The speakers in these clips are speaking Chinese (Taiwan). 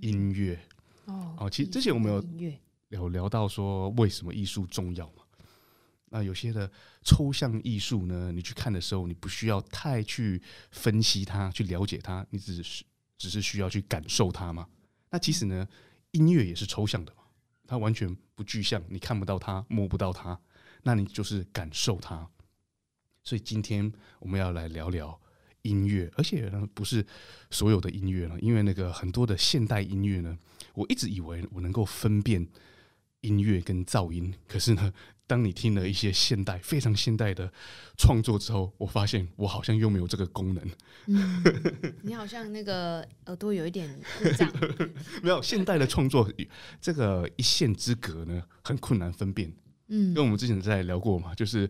音樂哦，其實之前我們有有聊聊到說為什麼藝術重要嘛，那有些的抽象藝術呢，你去看的時候，你不需要太去分析它，去了解它，你只是只是需要去感受它嘛。那其實呢，音樂也是抽象的嘛，它完全不具象，你看不到它，摸不到它，那你就是感受它。所以今天我們要來聊聊，音樂，而且呢，不是所有的音樂呢，因為那個很多的現代音樂呢，我一直以為我能夠分辨音樂跟噪音，可是呢，當你聽了一些現代，非常現代的創作之後，我發現我好像又沒有這個功能。嗯、 你好像那個耳朵有一點長。 沒有現代的創作，這個一線之隔呢，很困難分辨。嗯，跟我們之前在聊過嘛，就是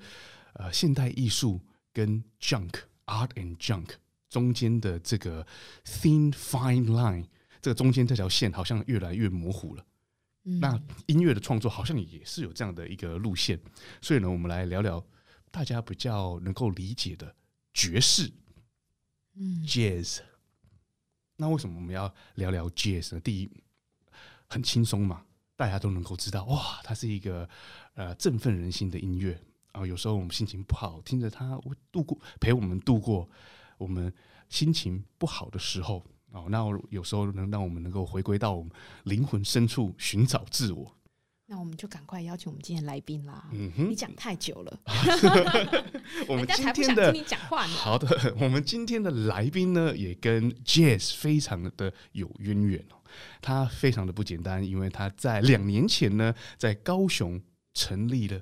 呃，現代藝術跟 junk。Art and junk 中間的這個 thin fine line，這個中間這條線好像越來越模糊了。嗯，那音樂的創作好像也是有這樣的一個路線，所以呢，我們來聊聊大家比較能夠理解的爵士，嗯，jazz。那為什麼我們要聊聊 jazz 呢？第一，很輕鬆嘛，大家都能夠知道，哇，它是一個呃振奮人心的音樂。哦，有時候我們心情不好，聽着他度過，陪我們度過我們心情不好的時候。哦，那有時候能讓我們能夠回歸到我們靈魂深處尋找自我。那我們就趕快邀請我們今天來賓啦。嗯哼，你講太久了。 我們今天還不想聽你講話呢。好的，我們今天的來賓呢，也跟 Jazz 非常的有淵源哦。他非常的不簡單，因為他在兩年前呢，在高雄成立了。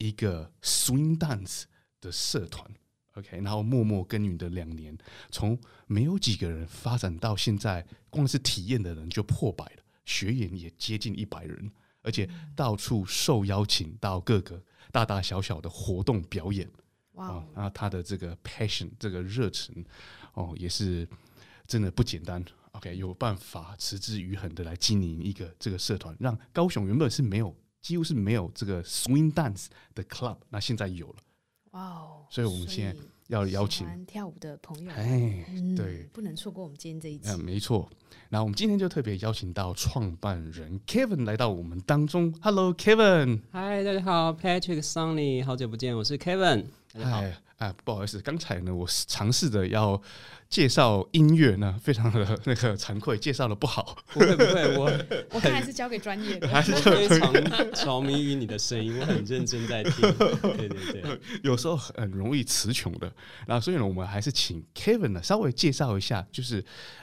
一個 swing dance 的社團，OK，然後默默耕耘的兩年，從沒有幾個人發展到現在，光是體驗的人就破百了，學員也接近一百人，而且到處受邀請到各個大大小小的活動表演，哇 Wow.、哦！啊，他的這個 passion 這個熱忱，哦，也是真的不簡單。OK，有辦法持之以恆的來經營一個這個社團，讓高雄原本是沒有。幾乎是沒有這個 swing dance 的 club，那現在有了，哇！Wow, 所以我們現在要邀請跳舞的朋友，哎唉，嗯、對，不能錯過我們今天這一期，啊。沒錯，那我們今天就特別邀請到創辦人 Kevin 來到我們當中。Hello Kevin，嗨，Hi, 大家好，Patrick Sunny，好久不見，我是 Kevin。哎哎、啊啊，不好意思，剛才呢，我嘗試着要介紹音樂呢，非常的那個慚愧，介紹的不好。不會不會，我我看還是交給專業的，還是非常着迷於你的聲音，我很認真在聽。 對對對，有時候很容易詞窮的。然後所以呢，我們還是請 Kevin 呢稍微介紹一下，就是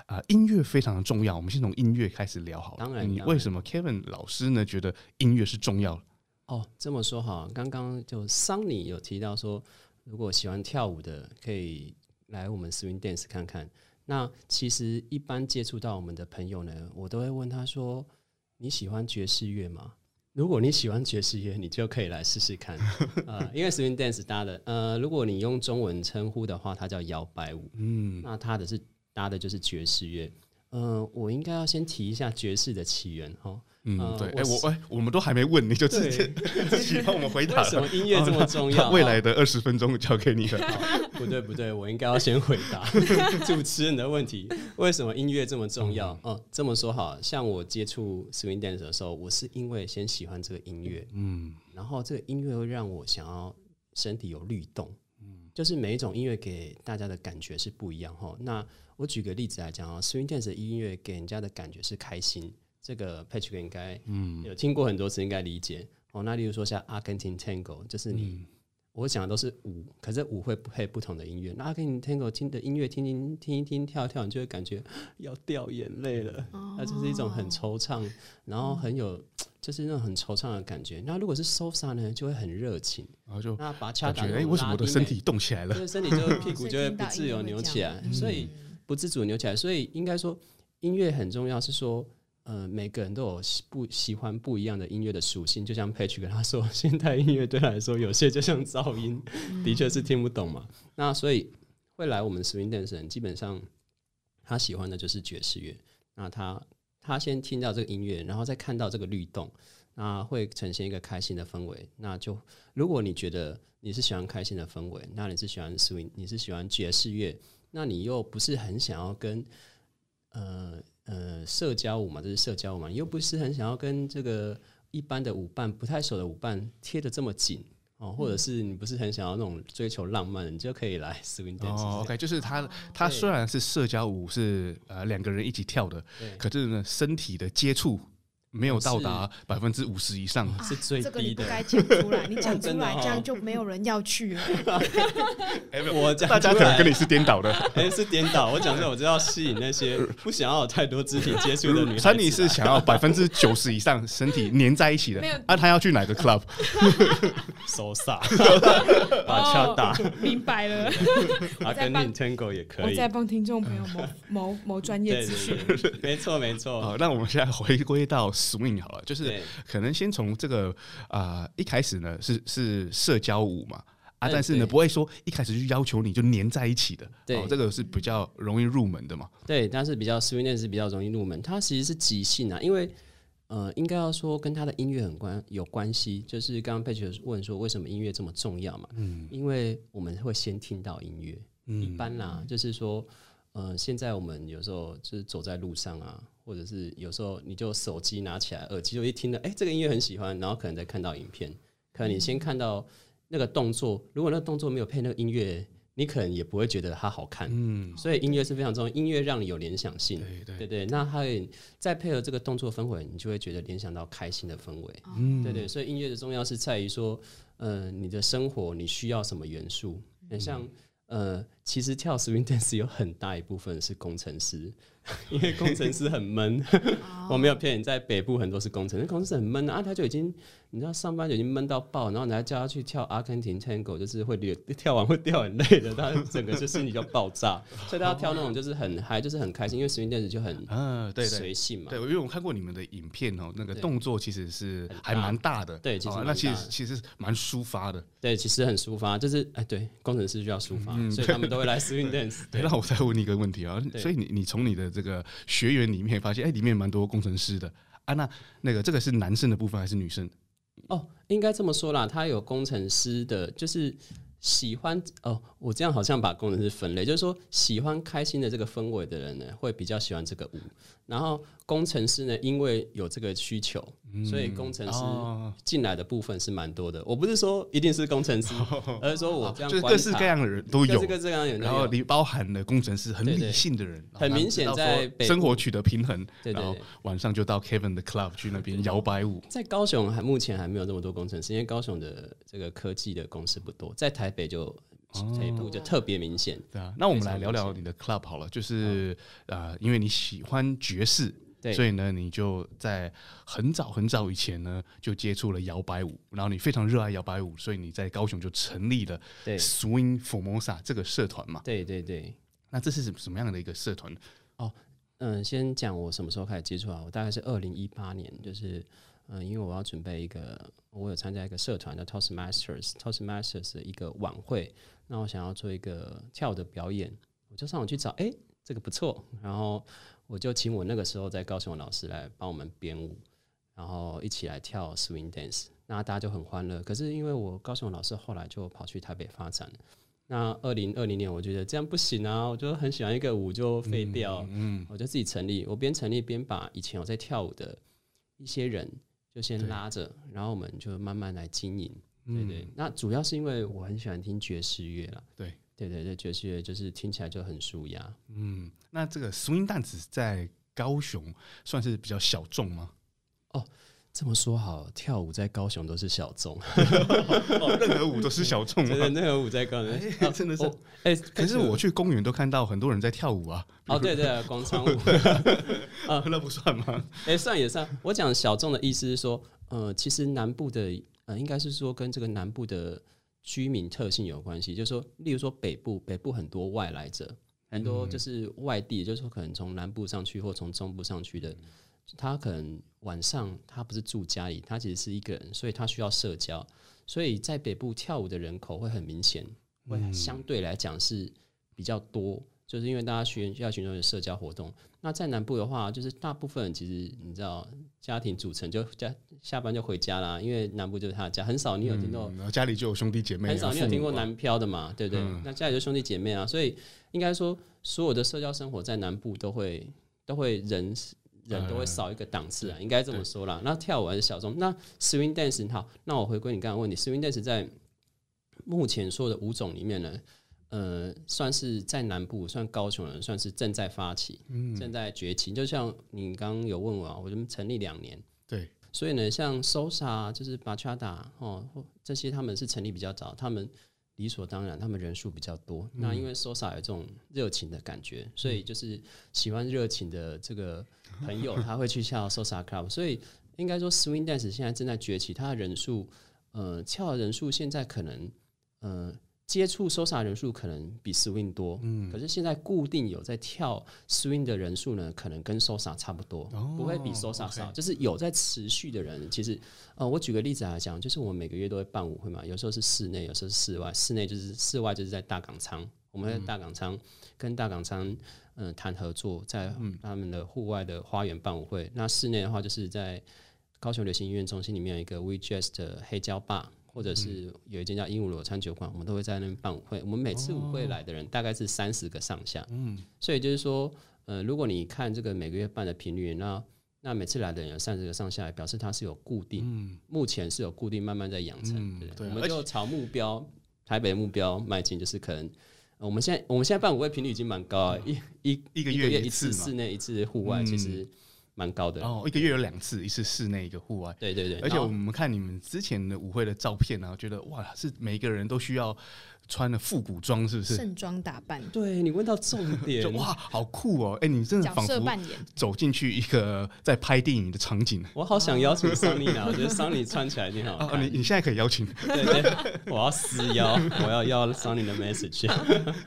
啊、呃，音樂非常的重要。我們先從音樂開始聊好了。當然，當然，你為什麼 Kevin 老師呢覺得音樂是重要的？哦，這麼說哈，剛剛就 Sunny 有提到說，如果喜歡跳舞的，可以來我們 Swing Dance 看看。那其實一般接觸到我們的朋友呢，我都會問他說，你喜歡爵士樂嗎？如果你喜歡爵士樂，你就可以來試試看、 呃、因為 Swing Dance 搭的，呃，如果你用中文稱呼的話，它叫搖擺舞，嗯，那它的是搭的就是爵士樂。嗯、呃，我應該要先提一下爵士的起源哈。嗯，對，哎、欸，我哎、欸，我們都還沒問，你就直接幫對 我們回答了。為什麼音樂這麼重要？哦、未來的二十分鐘交給你了。好 不對不對，我應該要先回答 主持人的問題。為什麼音樂這麼重要？嗯、哦，這麼說好，好像我接觸 swing dance 的時候，我是因為先喜歡這個音樂，嗯，然後這個音樂會讓我想要身體有律動，嗯，就是每一種音樂給大家的感覺是不一樣哈、哦。那我舉個例子來講啊、哦、swing dance 的音樂給人家的感覺是開心。這個配曲應該嗯有聽過很多次，應該理解，嗯、哦。那例如說像阿根廷 Tango，就是你，嗯，我講的都是舞，可是舞會不配不同的音樂。阿根廷 Tango 聽的音樂，聽聽聽，聽，聽跳一聽跳跳，你就會感覺要掉眼淚了。哦，那這是一種很惆悵，然後很有，嗯，就是那種很惆悵的感覺。那如果是 salsa 呢，就會很熱情，然後，啊，就覺那把掐達哎，為什麼我的身體動起來了？就是身體就屁股就會不自由扭起來，啊，所以不自主扭起來。嗯，所以應該說音樂很重要，是說。嗯、呃，每個人都有喜不喜歡不一樣的音樂的屬性，就像 Page 跟他說，現代音樂對他來說有些就像噪音，嗯、的確是聽不懂嘛。嗯、那所以會來我們 Swing Dance 的人基本上他喜歡的就是爵士樂。那他他先聽到這個音樂，然後再看到這個律動，那會呈現一個開心的氛圍。那就如果你覺得你是喜歡開心的氛圍，那你是喜歡 Swing，你是喜歡爵士樂，那你又不是很想要跟呃。呃，社交舞嘛，這是社交舞嘛，又不是很想要跟這個一般的舞伴、不太熟的舞伴貼得這麼緊哦，或者是你不是很想要那種追求浪漫，你就可以來 swing dance 哦。哦，OK，就是它，它雖然是社交舞，對是呃兩個人一起跳的，可是呢，身體的接觸。沒有到達百分之五十以上是最低的。這個不該講出來， 喔、你講出來，這樣就沒有人要去了。 欸、我大家可能跟你是顛倒的，哎、欸，是顛倒。我講這，我就是要吸引那些不想要有太多肢體接觸的女生。穿你是想要百分之九十以上身體粘在一起的，那、啊、他要去哪個 club？Salsa、Bachata。明白了。阿根廷 Tango 也可以。我在幫聽眾朋友某某某專業資訊。沒錯沒錯。好、啊，那我們現在回歸到。swing 好了，就是可能先從這個啊對、呃、一開始呢是是社交舞嘛啊，但是呢但是不會說一開始就要求你就黏在一起的，對、哦，這個是比較容易入門的嘛。對，但是比較 swing dance 是比較容易入門，它其實是即興啊，因為呃應該要說跟他的音樂很關有關係，就是剛剛佩奇問說為什麼音樂這麼重要嘛，嗯，因為我們會先聽到音樂，嗯，一般啦，就是說呃現在我們有時候就是走在路上啊。或者是有時候你就手機拿起來耳，耳機就一聽了，哎、欸，這個音樂很喜歡，然後可能再看到影片，可能你先看到那個動作，如果那個動作沒有配那個音樂，你可能也不會覺得它好看。嗯，所以音樂是非常重要，對 音樂讓你有聯想性，對對對。對那它也再配合這個動作氛圍，你就會覺得聯想到開心的氛圍。嗯，哦、對，對對，所以音樂的重要是在於說，呃，你的生活你需要什麼元素？嗯嗯像呃。其實跳 swing dance 有很大一部分是工程師，因為工程師很悶。 我沒有騙你，在北部很多是工程師，工程師很悶啊，啊，他就已經你知道上班就已經悶到爆，然後你還叫他去跳阿根廷 tango，就是會流跳完會掉眼淚的，他整個就心裡就爆炸。所以他要跳那種就是很嗨，就是很開心，因為 swing dance 就很嗯、啊、對隨性嘛。對，因為我看過你們的影片哦，那個動作其實是還蠻大的，對，那對其實那其實其實蠻抒發的，對，其實很抒發，就是哎對，工程師就要抒發，嗯、所以他們都，來 swing dance。對，那我再問你一個問題啊，對所以你你從你的這個學員裡面發現，哎、欸，裡面蠻多工程師的啊，那那個這個是男生的部分還是女生？哦，應該這麼說啦，他有工程師的，就是喜歡哦，我這樣好像把工程師分類，就是說喜歡開心的這個氛圍的人呢，會比較喜歡這個舞，然後工程師呢，因為有這個需求。所以工程師進來的部分是蠻多的，我不是說一定是工程師，而是說我這樣就各式各樣的人都有，這個這樣也。然後你包含了工程師，很理性的人，很明顯在生活取得平衡，然後晚上就到 Kevin 的 Club 去那邊搖擺舞。在高雄還目前還沒有那麼多工程師，因為高雄的這個科技的公司不多，在台北就這一步就特別明顯。對啊，那我們來聊聊你的 Club 好了，就是呃，因為你喜歡爵士。對所以呢，你就在很早很早以前呢就接觸了搖擺舞，然後你非常熱愛搖擺舞，所以你在高雄就成立了 Swing Formosa 這個社團嘛。對對對。那這是什什麼樣的一個社團？哦，嗯、呃，先講我什麼時候開始接觸啊？我大概是二零一八年，就是嗯、呃，因為我要準備一個，我有參加一個社團叫 Toastmasters，Toastmasters to 的一個晚會，那我想要做一個跳舞的表演，我就上網去找，哎，這個不錯，然後。我就請我那個時候在高雄的老師來幫我們編舞，然後一起來跳 swing dance，那大家就很歡樂。可是因為我高雄老師後來就跑去台北發展。那二零二零年我覺得這樣不行啊，我就很喜歡一個舞就廢掉，嗯，嗯，我就自己成立，我邊成立邊把以前我在跳舞的一些人就先拉着，對然後我們就慢慢來經營，嗯、對，對對。那主要是因為我很喜歡聽爵士樂啦。對。對，對對，對。爵士樂，就是聽起來就很紓壓。嗯，那這個 swing dance 在高雄算是比較小眾嗎？哦，這麼說好，跳舞在高雄都是小眾。 任何舞都是小眾。對對對，任何舞在高雄，哎，啊，真的是。哎、哦，欸、可是我去公園都看到很多人在跳舞啊！哦，對對，對、啊，廣場舞， 啊，那不算嗎？哎、欸，算也算。我講小眾的意思是說，呃，其實南部的，呃，應該是說跟這個南部的，居民特性有關係，就是說，例如說北部，北部很多外來者，嗯、很多就是外地，就是說可能從南部上去或從中部上去的，他可能晚上他不是住家裡，他其實是一個人，所以他需要社交，所以在北部跳舞的人口會很明顯，會相對來講是比較多，就是因為大家需要群眾的社交活動。那在南部的話，就是大部分其實你知道家庭組成就家下班就回家啦，因為南部就是他的家，很少你有聽到、嗯、家裡就有兄弟姐妹，很少你有聽過南漂的嘛，嗯、對不對，對？那家裡就兄弟姐妹啊，所以應該說所有的社交生活在南部都會都會人、嗯、人都會少一個檔次啊，嗯、是應該這麼說啦。對 那跳舞還是小眾，那 swing dance 好？那我回歸你剛剛問你 swing dance、嗯、在目前說的舞種裡面呢？呃，算是在南部，算高雄人，算是正在發起，嗯、正在崛起。就像你剛剛有問我，我們成立兩年，對，所以呢，像 Salsa 就是 Bachata 哦，這些他們是成立比較早，他們理所當然，他們人數比較多。嗯、那因為 Salsa 有這種熱情的感覺，所以就是喜歡熱情的這個朋友，他會去跳 Salsa Club。所以應該說，Swing Dance 現在正在崛起，它的人數，呃，跳的人數現在可能，呃。接觸 salsa 人數可能比 swing 多，嗯、可是現在固定有在跳 swing 的人數呢，可能跟 salsa 差不多，不會比 salsa 少，哦 okay，就是有在持續的人。其實，呃，我舉個例子來講，就是我們每個月都會辦舞會嘛，有時候是室內，有時候是室外。室內就是室外就是在大港倉，我們在大港倉跟大港倉，嗯，談合作，在他們的戶外的花園辦舞會。嗯嗯，那室內的話，就是在高雄流行音樂中心裡面有一個 WeJazz 的黑膠吧。或者是有一間叫鸚鵡螺餐酒館，嗯、我們都會在那邊辦舞會。我們每次舞會來的人大概是三十個上下。哦、嗯，所以就是說，呃，如果你看這個每個月辦的頻率，那那每次來的人有三十個上下來，表示它是有固定。嗯、目前是有固定，慢慢在養成。嗯、對，對啊、我們就朝目標，且台北目標邁進，就是可能我們現在我們現在辦舞會頻率已經蠻高、啊嗯、一一一個，一個月一次室內一次戶外，其實、嗯。嗯蠻高的，哦，一個月有兩次，一次室內一個戶外。對對對，而且我們看你們之前的舞會的照片，然後覺得哇，是每個人都需要穿的復古裝，是不是？盛裝打扮，對，你問到重點，哇，好酷哦！哎，你真的仿佛走進去一個在拍電影的場景，我好想邀請 Sunny 啊！我覺得 Sunny 穿起來你好，你你現在可以邀請，我要私邀，我要邀 Sunny 的 message。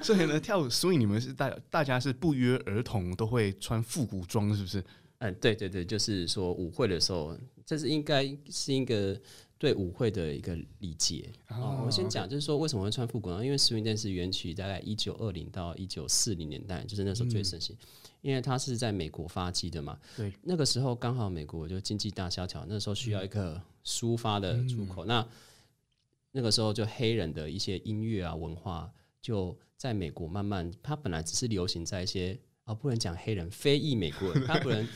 所以呢，跳舞，所以你們是大大家是不約而同都會穿復古裝，是不是？嗯，對對對，就是說舞會的時候，這是應該是一個對舞會的一個理解。哦，哦，我先講，就是說為什麼會穿複古呢？因為 swing dance 源起，大概一九二零到一九四零年代，就是那時候最盛行，嗯、因為它是在美國發跡的嘛。對，那個時候剛好美國就經濟大蕭條，那時候需要一個抒發的出口。嗯、那那個時候就黑人的一些音樂啊、文化就在美國慢慢，它本來只是流行在一些。啊、哦，不能講黑人，非裔美國人。他不能， 嗯、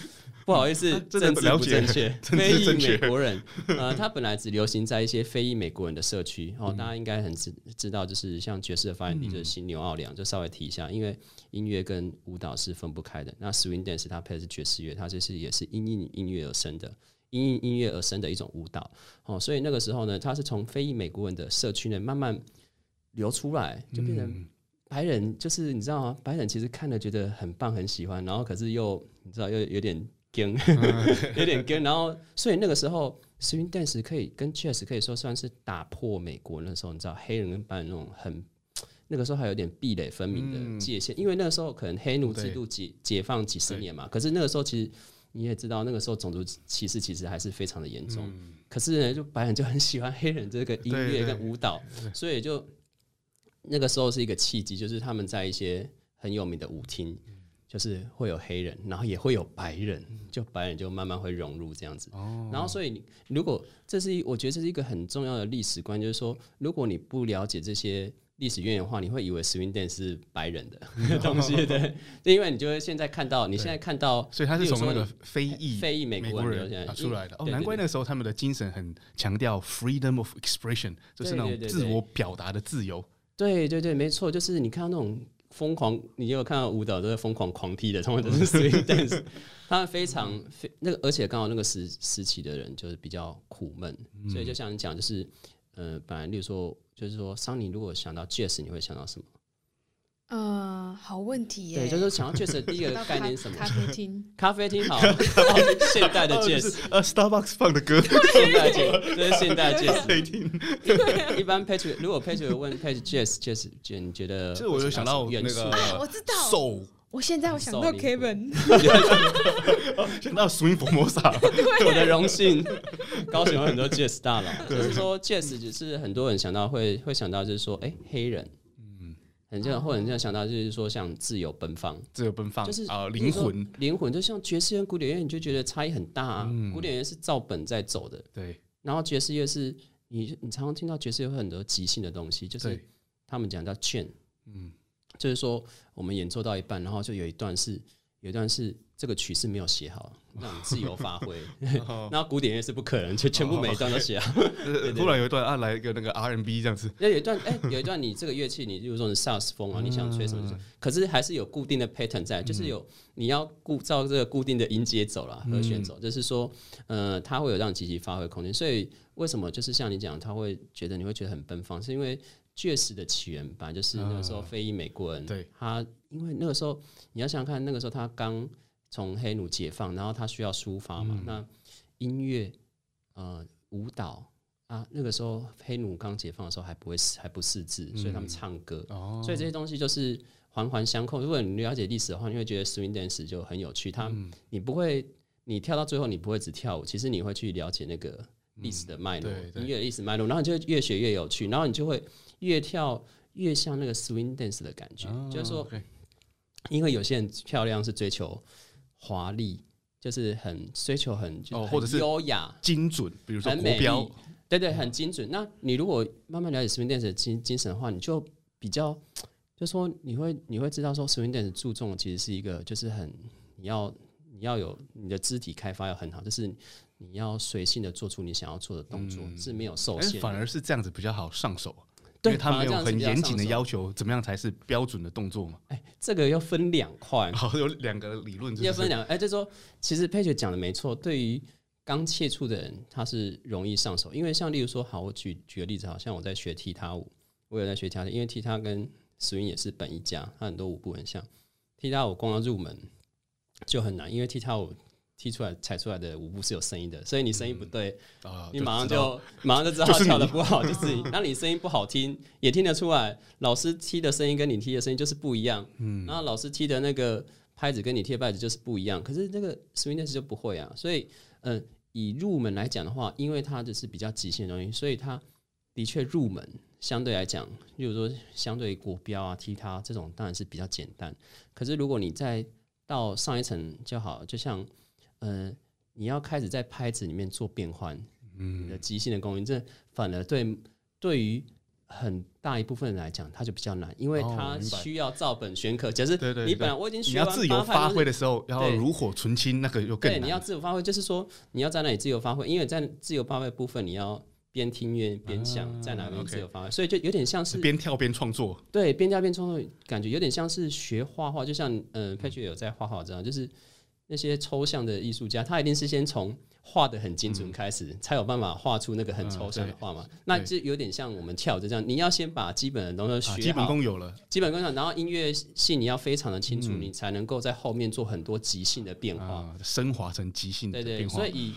不好意思，政治不正確。正非裔美國人，啊、 呃，他本來只流行在一些非裔美國人的社區。哦，嗯、大家應該很知知道，就是像爵士的發源地就是新紐奧良，嗯、就稍微提一下。因為音樂跟舞蹈是分不開的。那 Swing Dance 它配的是爵士樂，它就是也是因應音樂而生的，因應音樂而生的一種舞蹈。哦，所以那個時候呢，它是從非裔美國人的社區內慢慢流出來，就變成、嗯。白人就是你知道、啊、白人其實看了覺得很棒，很喜歡，然後可是又你知道又有點跟，嗯、 有點跟驚， 然後所以那個時候，swing dance 可以跟 Jazz 可以說算是打破美國那時候你知道黑人跟白人那種很，那個時候還有點壁壘分明的界限，嗯、因為那個時候可能黑奴制度解對 解放幾十年嘛，對 可是那個時候其實你也知道那個時候種族歧視其實還是非常的嚴重，嗯、可是呢就白人就很喜歡黑人這個音樂跟舞蹈，對對對對所以就。那個時候是一個契機，就是他們在一些很有名的舞廳，嗯、就是會有黑人，然後也會有白人，嗯、就白人就慢慢會融入這樣子。哦、然後，所以你如果這是，我覺得這是一個很重要的歷史觀，就是說，如果你不了解這些歷史淵源的話，你會以為 Swing Dance 是白人的、哦、 東西對，對，因為你就會現在看到，對你現在看到，所以他是從那個非裔、非裔美國人現在出來的對對對對、哦。難怪那時候他們的精神很強調 freedom of expression，就是那種自我表達的自由。對對對對對對對，沒錯，就是你看到那種瘋狂，你有看到舞蹈都在瘋狂狂踢的，他們都是 Swing Dance，所以，但是他們非常非那個，而且剛好那個時時期的人就是比較苦悶，嗯、所以就想講，就是呃，本來例如說就是說，桑尼，如果想到 Jazz，你會想到什麼？嗯，好問題耶！對，就是想要爵士第一個概念什麼？咖啡廳，咖啡廳好，現代的爵士，呃，Starbucks 放的歌，現代爵士，這是現代的爵士咖啡廳。一般 Patrick 如果 Patrick 問 Patrick 爵士爵士，你覺得？就是我有想到那個，我知道。手，我現在我想到 Kevin，想到 Swing Formosa，我的榮幸，高雄有很多爵士大佬，就是說爵士只是很多人想到會會想到就是說，哎，黑人。或者這樣想到，就是說像自由奔放，自由奔放，就是啊、呃、靈魂，靈魂就像爵士樂、古典樂，你就覺得差異很大。啊。嗯、古典樂是照本在走的，對。然後爵士樂是你，你常常聽到爵士樂有很多即興的東西，就是他們講叫 change, 對嗯，就是說我們演奏到一半，然後就有一段是，有一段是。這個曲是沒有寫好，讓你自由發揮。那、oh、 古典樂是不可能，就全部每一段都寫好。突然有一段啊，來一個那個 R N B 這樣子、欸。有一段，哎、欸，有一段你這個樂器，你譬如說你薩斯風啊，然後你想吹什麼、就是嗯、可是還是有固定的 pattern 在，就是有、嗯、你要固照這個固定的音階走了，和弦走。就是說，呃，它會有讓你積極發揮空間。所以為什麼就是像你講，他會覺得你會覺得很奔放，是因為爵士的起源吧，就是那個時候非裔美國人。對。啊、他因為那個時候，你要想想看，那個時候他剛。從黑奴解放，然後他需要抒發嘛？嗯、那音樂、呃，舞蹈啊，那個時候黑奴剛解放的時候還不會，還不識字，嗯、所以他們唱歌。哦、所以這些東西就是環環相扣。如果你了解歷史的話，你會覺得 swing dance 就很有趣。它你不會，你跳到最後，你不會只跳舞，其實你會去了解那個歷史的脈絡，嗯、音樂歷史脈絡，然後你就越學越有趣，然後你就會越跳越像那個 swing dance 的感覺。哦、就是說，okay 因為有些人漂亮是追求。華麗就是很追求很哦，很或者是優雅、精準，比如說很美對，對對，嗯、很精準。那你如果慢慢了解 Swing Dance 精精神的話，你就比較就說你會你會知道說 Swing Dance 注重的其實是一個就是很，你要你要有你的肢體開發要很好，就是你要隨性的做出你想要做的動作、嗯、是沒有受限，反而是這樣子比較好上手。對他們沒有很嚴謹的要求，怎麼樣才是標準的動作嗎？哎、欸，這個要分兩塊。好， 有兩個理論，要分兩哎、欸、就說其實佩雪講的沒錯，對於剛接觸的人，他是容易上手，因為像例如說，好，我舉舉個例子，好像我在學踢踏舞，我有在學跳，因為踢踏跟 Swing 也是本一家，他很多舞步很像。踢踏舞光要入門就很難，因為踢踏舞。踢出來、踩出來的舞步是有聲音的，所以你聲音不對，嗯啊、你馬上就，就馬上就知道跳的不好，就是你。那你聲音不好聽、啊、也聽得出來，老師踢的聲音跟你踢的聲音就是不一樣。嗯，然後老師踢的那個拍子跟你踢的拍子就是不一樣，可是那個 Swing 的時候就不會啊。所以，嗯、呃，以入門來講的話，因為它就是比較極限的東西，所以它的確入門相對來講，比如說相對國標啊、踢踏這種當然是比較簡單。可是如果你再到上一層就好，就像。嗯、呃，你要開始在拍子裡面做變換，你的、嗯、即興的功能這反而對，對於很大一部分人來講，它就比較難，因為它需要照本宣科。就是、哦、你本來我已經需要自由發揮的時候，要爐火純青，那個又更難對，對。你要自由發揮，就是說你要在那裡自由發揮，因為在自由發揮部分，你要邊聽音樂邊想、啊、在哪裡自由發揮，okay 所以就有點像是邊跳邊創作。對，邊跳邊創作，感覺有點像是學畫畫，就像嗯 Patrick 有在畫畫這樣，就是。那些抽象的藝術家，他一定是先從畫得很精準開始，嗯、才有辦法畫出那個很抽象的畫嘛。嗯、那這有點像我們跳着這樣，你要先把基本的東西學好，啊，基本功有了，基本功上，然後音樂性你要非常的清楚，嗯、你才能夠在後面做很多即興的變化，啊、昇華成即興的變化。對，對對，所以以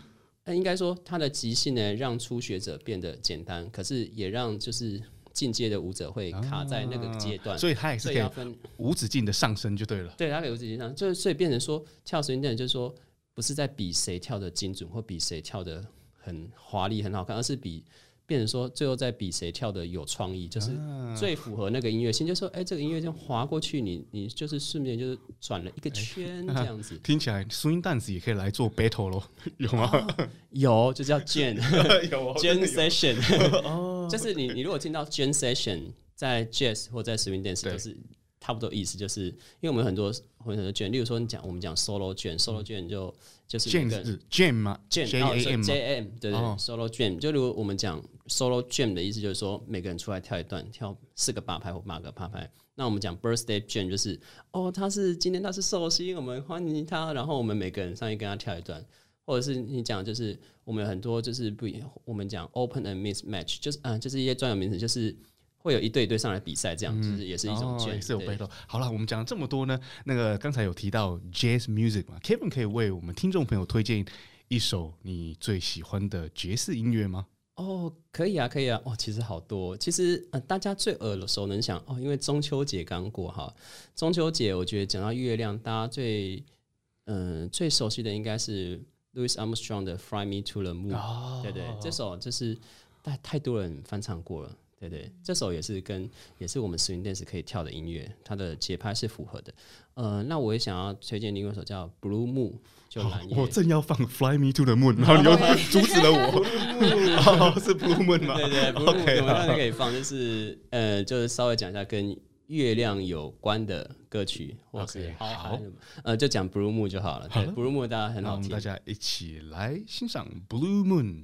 應該說，他的即興呢，讓初學者變得簡單，可是也讓就是。進階的舞者，會卡在那個階段，啊，所以他也是這樣無止境的上升就對了。對，他有無止境上升，就是所以變成說，跳 Swing 的人就是說，不是在比誰跳的精準，或比誰跳的很華麗、很好看，而是比。變成說，最後再比誰跳的有創意，就是最符合那個音樂性。就是、說，哎、欸，這個音樂這劃滑過去，你你就是順便就是轉了一個圈這樣子。聽起來 s 音 i 子也可以來做 battle 咯，有嗎？Oh, 有，就叫 j a n z j a n session， 就是你你如果聽到 j a n session，在 jazz 或在 swing dance 都是。差不多意思就是，因為我們很多很多捲，例如說你講我們講、嗯、solo 捲，solo 捲就就是那個捲 Jam, a m jam j、a、m 嗎對對、oh.，solo jam，就如果我們講 solo jam 的意思就是說，每個人出來跳一段，跳四個八拍或八個八拍。那我們講 birthday jam 就是哦，他是今天他是壽星，我們歡迎他，然後我們每個人上去跟他跳一段，或者是你講就是我們有很多就是不一樣，我們講 open and mismatch 就是嗯、呃，就是一些專有名詞，就是。會有一對一對上來比賽，這樣其實、嗯、也是一種角色、哦。背對好了，我們講了這麼多呢，那個剛才有提到 jazz music 嘛，Kevin 可以為我們聽眾朋友推薦一首你最喜歡的爵士音樂嗎？哦，可以啊，可以啊。哦，其實好多，其實、呃、大家最耳熟能詳哦，因為中秋節剛過哈，中秋節我覺得講到月亮，大家最嗯、呃、最熟悉的應該是 Louis Armstrong 的 Fly Me to the Moon、哦。對對，哦哦這首就是太太多人翻唱過了。對對，這首也是跟也是我們 swing dance 可以跳的音樂，它的節拍是符合的。呃，那我也想要推薦另外一首叫 Blue Moon，就來。我正要放 Fly Me to the Moon，然後你又阻止了我。是 Blue Moon 嗎？對對，OK，我們可以放，就是呃，就是稍微講一下跟月亮有關的歌曲。OK，好好，呃，就講 Blue Moon 就好了。好，Blue Moon 大家很好聽，大家一起來欣賞 Blue Moon。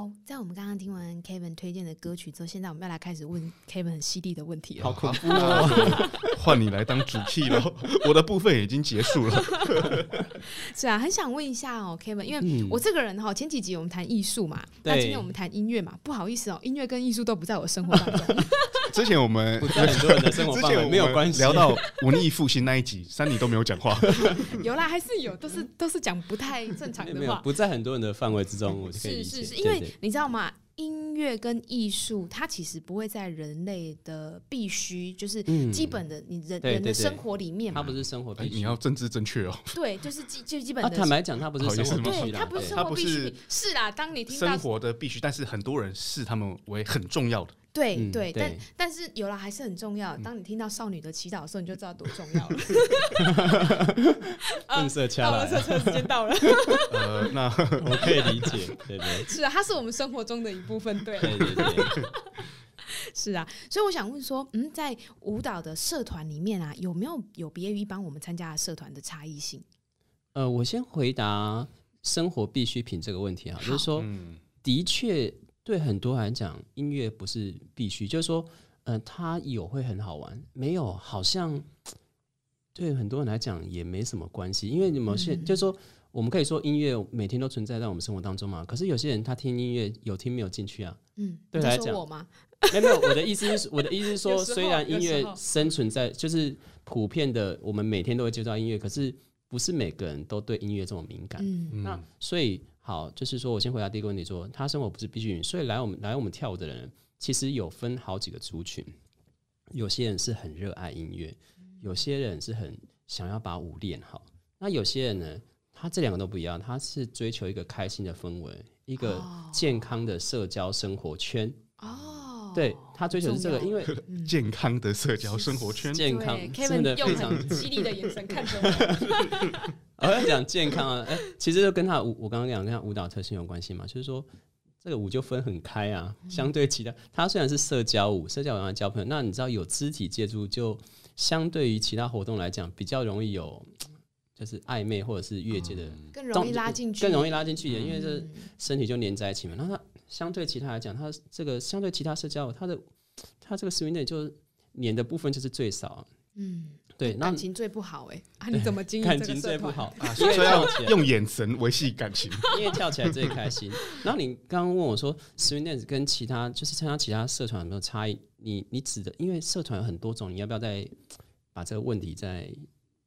Oh, 在我們剛剛聽完 Kevin 推薦的歌曲之後，現在我們要來開始問 Kevin 很犀利的問題了。好恐怖！哦，換 你來當主替了，我的部分已經結束了。 是啊，很想問一下哦，Kevin，因為我這個人哈，哦，前幾集我們談藝術嘛，嗯、那今天我們談音樂嘛，不好意思哦，音樂跟藝術都不在我生活當中。 之前我們很多人的生活之前沒有關係，我聊到文藝復興那一集，三年 都沒有講話。 有啦，還是有，都是都是講不太正常的話，沒有不在很多人的範圍之中，我就可以理解，是是，是因為你知道嗎？音樂跟藝術，它其實不會在人類的必須，就是基本的你人人的生活裡面。它不是生活必須，你要政治正確哦。對，就是基最基本的。坦白講，它不是生活必須。對，它不是生活必須。是啦，當你聽到生活的必須，但是很多人視他們為很重要的。對對，但但是有了還是很重要。當你聽到少女的祈禱的時候，你就知道多重要了。暗色車了，車車時間到了。呃，那我可以理解，對不對？是啊，它是我們生活中的一部分。對，對，對， 是啊，所以我想問說，嗯，在舞蹈的社團裡面啊，有沒有有別於一般我們參加的社團的差異性？呃，我先回答生活必需品這個問題啊，就是說，的確對很多人來講，音樂不是必須，就是說，嗯，它有會很好玩，沒有好像對很多人來講也沒什麼關係，因為某些，嗯、就是說。我們可以說音樂每天都存在在我們生活當中嘛？可是有些人他聽音樂有聽沒有進去啊？嗯，對來講，你說我嗎？ 沒有沒有，我的意思是，我的意思是說， 有時候，雖然音樂生存在就是普遍的，我們每天都會接觸到音樂，可是不是每個人都對音樂這麼敏感。嗯，那所以好，就是說我先回答第一個問題說，說他生活不是必須，所以來我們來我們跳舞的人，其實有分好幾個族群。有些人是很熱愛音樂，有些人是很想要把舞練好，那有些人呢？他這兩個都不一樣，他是追求一個開心的氛圍，一個健康的社交生活圈。哦、oh.，對他追求是這個，要因為健康的社交生活圈，健康 Kevin 真的非常犀利的眼神看着我。 我要講健康啊、欸，其實就跟他舞，我剛剛講跟他舞蹈特性有關係嘛，就是說這個舞就分很開啊，嗯、相對其他，他雖然是社交舞，社交舞來交朋友，那你知道有肢體接觸，就相對於其他活動來講，比較容易有。就是曖昧或者是越界的，更容易拉進去更，更容易拉進去一點，因為這身體就粘在一起嘛。那它相對其他來講，它這個相對其他社交，它的它這個 swing dance 就粘的部分就是最少。嗯，對，那感情最不好哎對啊！你怎麼經營感情最不好？啊。所以要用眼神維繫感情，因為跳起來最開心。 然後你剛剛問我說，swing dance 跟其他就是參加其他社團有沒有差異？你你指的，因為社團有很多種，你要不要再把這個問題再？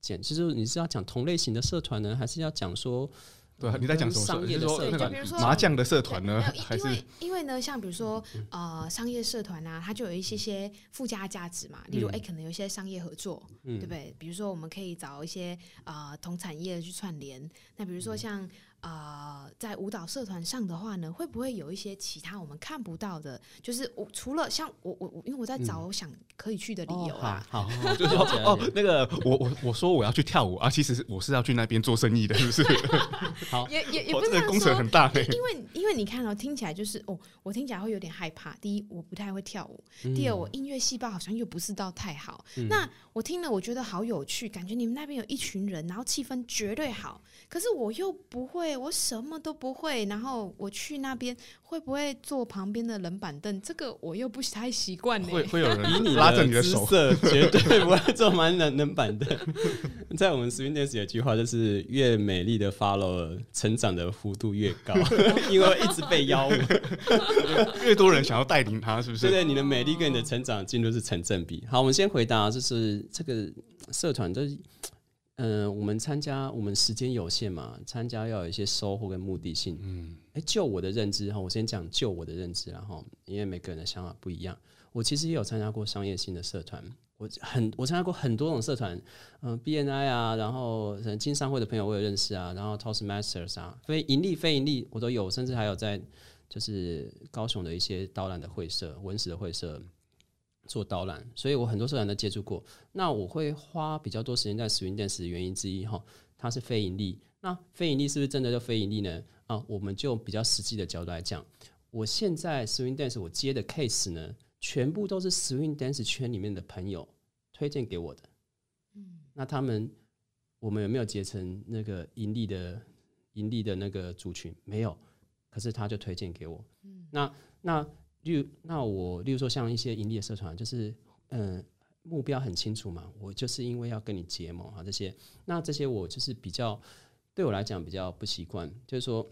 其實你是要講同類型的社團呢，還是要講說，對、啊，你在講什麼？商業的社團就是就比如說麻將的社團呢，因為還是，因為呢，像比如說呃，商業社團啊，它就有一些些附加價值嘛，例如哎、欸，可能有一些商業合作，嗯、對不對？比如說我們可以找一些啊、呃、同產業去串聯，那比如說像。嗯啊、呃，在舞蹈社團上的話呢，會不會有一些其他我們看不到的？就是我除了像我我我，因為我在找我想可以去的理由啊。嗯哦、好，我就說 哦，那個 我我我說我要去跳舞啊，其實我是要去那邊做生意的，是不是？ 好，也也也不能、哦這個、工程很大、欸。因為因為你看哦、喔，聽起來就是哦、喔，我聽起來會有點害怕。第一，我不太會跳舞；嗯、第二，我音樂細胞好像又不是到太好。嗯、那我聽了，我覺得好有趣，感覺你們那邊有一群人，然後氣氛絕對好。可是我又不會。我什麼都不會，然後我去那邊會不會坐旁邊的冷板凳？這個我又不太習慣、欸、會會有人比你拉着你的手，絕對不會坐滿冷冷板凳。在我們 swingers 有句話就是：越美麗的 follower，成長的幅度越高， 因為一直被邀， 越多人想要帶領他，是不是？對，對，你的美麗跟你的成長進度是成正比。好，我們先回答，就是這個社團的。嗯、呃，我們參加，我們時間有限嘛，參加要有一些收穫跟目的性。嗯，哎、欸，就我的認知哈，我先講就我的認知，然後因為每個人的想法不一樣，我其實也有參加過商業性的社團，我很我參加過很多種社團，嗯、呃，B N I 啊，然後可能經商會的朋友我也認識啊，然後 Toastmasters 啊，非盈利、非盈利我都有，甚至還有在就是高雄的一些導覽的會社、文史的會社。做導覽，所以我很多時候人都接觸過。那我會花比較多時間在 Swing Dance 的原因之一，它是非盈利。那非盈利是不是真的叫非盈利呢？啊，我們就比較實際的角度來講，我現在 Swing Dance 我接的 case 呢，全部都是 Swing Dance 圈裡面的朋友推薦給我的。嗯，那他們我們有沒有結成那個盈利的盈利的那個組群？沒有，可是他就推薦給我。嗯，那，那那。例如，那我例如說，像一些盈利的社團，就是嗯、呃，目標很清楚嘛。我就是因為要跟你結盟啊，這些那這些我就是比較對我來講比較不習慣，就是說，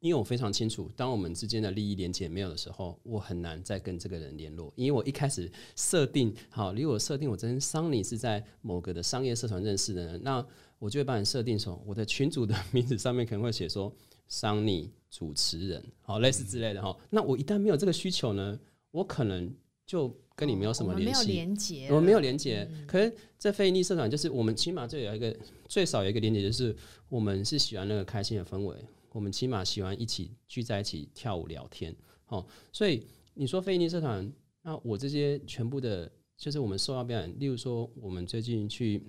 因為我非常清楚，當我們之間的利益連結沒有的時候，我很難再跟這個人聯絡，因為我一開始設定好，如果設定我真商你是在某個的商業社團認識的人，那我就會把你設定說，我的群主的名字上面，可能會寫說。商業主持人，好，類似之類的哈。嗯、那我一旦沒有這個需求呢，我可能就跟你沒有什麼聯繫，我沒有連接。嗯嗯，可是在菲尼社團，就是我們起碼就有一個最少有一個連接，就是我們是喜歡那個開心的氛圍，我們起碼喜歡一起聚在一起跳舞聊天。好，所以你說菲尼社團，那我這些全部的，就是我們受到表演，例如說我們最近去